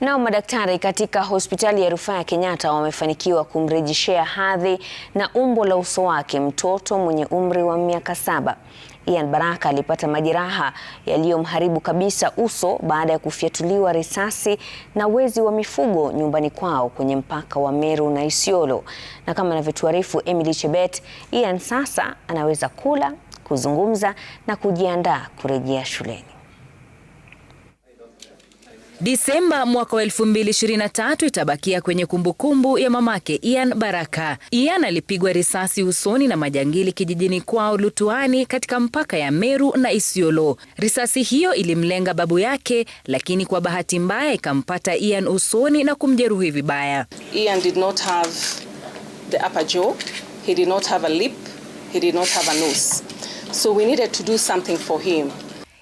Nao madaktari katika hospitali ya rufaa ya Kenyatta wamefanikiwa kumrejeshea hadhi na umbo la uso wake mtoto mwenye umri wa miaka saba. Ian Baraka alipata majeraha yaliyomharibu kabisa uso baada ya kufyatuliwa risasi na wezi wa mifugo nyumbani kwao kwenye mpaka wa Meru na Isiolo. Na kama anavyotuarifu Emily Chebet, Ian sasa anaweza kula, kuzungumza na kujiandaa kurejea shuleni. Disemba mwaka wa 2023 itabakia kwenye kumbukumbu ya mamake Ian Baraka. Ian alipigwa risasi usoni na majangili kijijini kwao Lutuani katika mpaka ya Meru na Isiolo. Risasi hiyo ilimlenga babu yake, lakini kwa bahati mbaya ikampata Ian usoni na kumjeruhi vibaya. Ian did not have the upper jaw. He did not have a lip. He did not have a nose. So we needed to do something for him.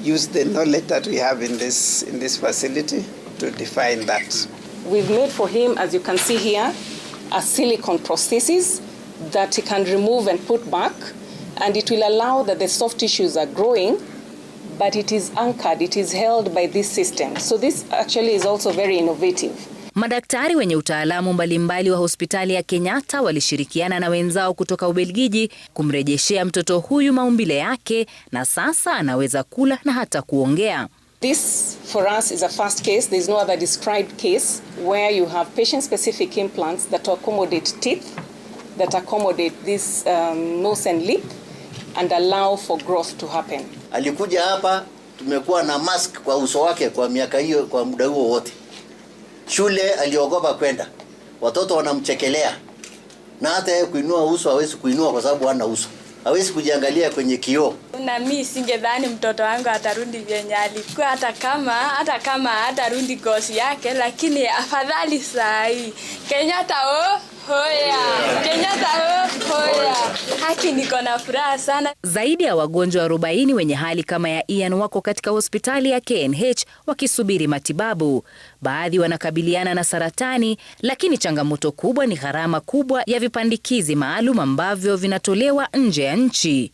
use the knowledge that we have in this, in this facility to define that. We've made for him, as you can see here, a silicone prosthesis that he can remove and put back, and it will allow that the soft tissues are growing, but it is anchored, it is held by this system. So this actually is also very innovative. Madaktari wenye utaalamu mbalimbali wa hospitali ya Kenyatta walishirikiana na wenzao kutoka Ubelgiji kumrejeshea mtoto huyu maumbile yake na sasa anaweza kula na hata kuongea. This for us is a first case. There is no other described case where you have patient specific implants that accommodate teeth, that accommodate this um, nose and lip and allow for growth to happen. Alikuja hapa tumekuwa na mask kwa uso wake kwa miaka hiyo kwa muda huo wote. Shule aliogopa kwenda, watoto wanamchekelea, na hata yeye kuinua uso hawezi kuinua kwa sababu hana uso, hawezi kujiangalia kwenye kioo. Na mimi singedhani mtoto wangu atarudi vyenye alikuwa, hata kama hata kama atarudi gosi yake, lakini afadhali saa hii Kenyatta oh. Oh, Zaidi ya wagonjwa 40 wenye hali kama ya Ian wako katika hospitali ya KNH wakisubiri matibabu. Baadhi wanakabiliana na saratani, lakini changamoto kubwa ni gharama kubwa ya vipandikizi maalum ambavyo vinatolewa nje ya nchi.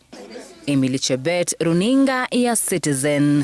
Emily Chebet, Runinga ya Citizen.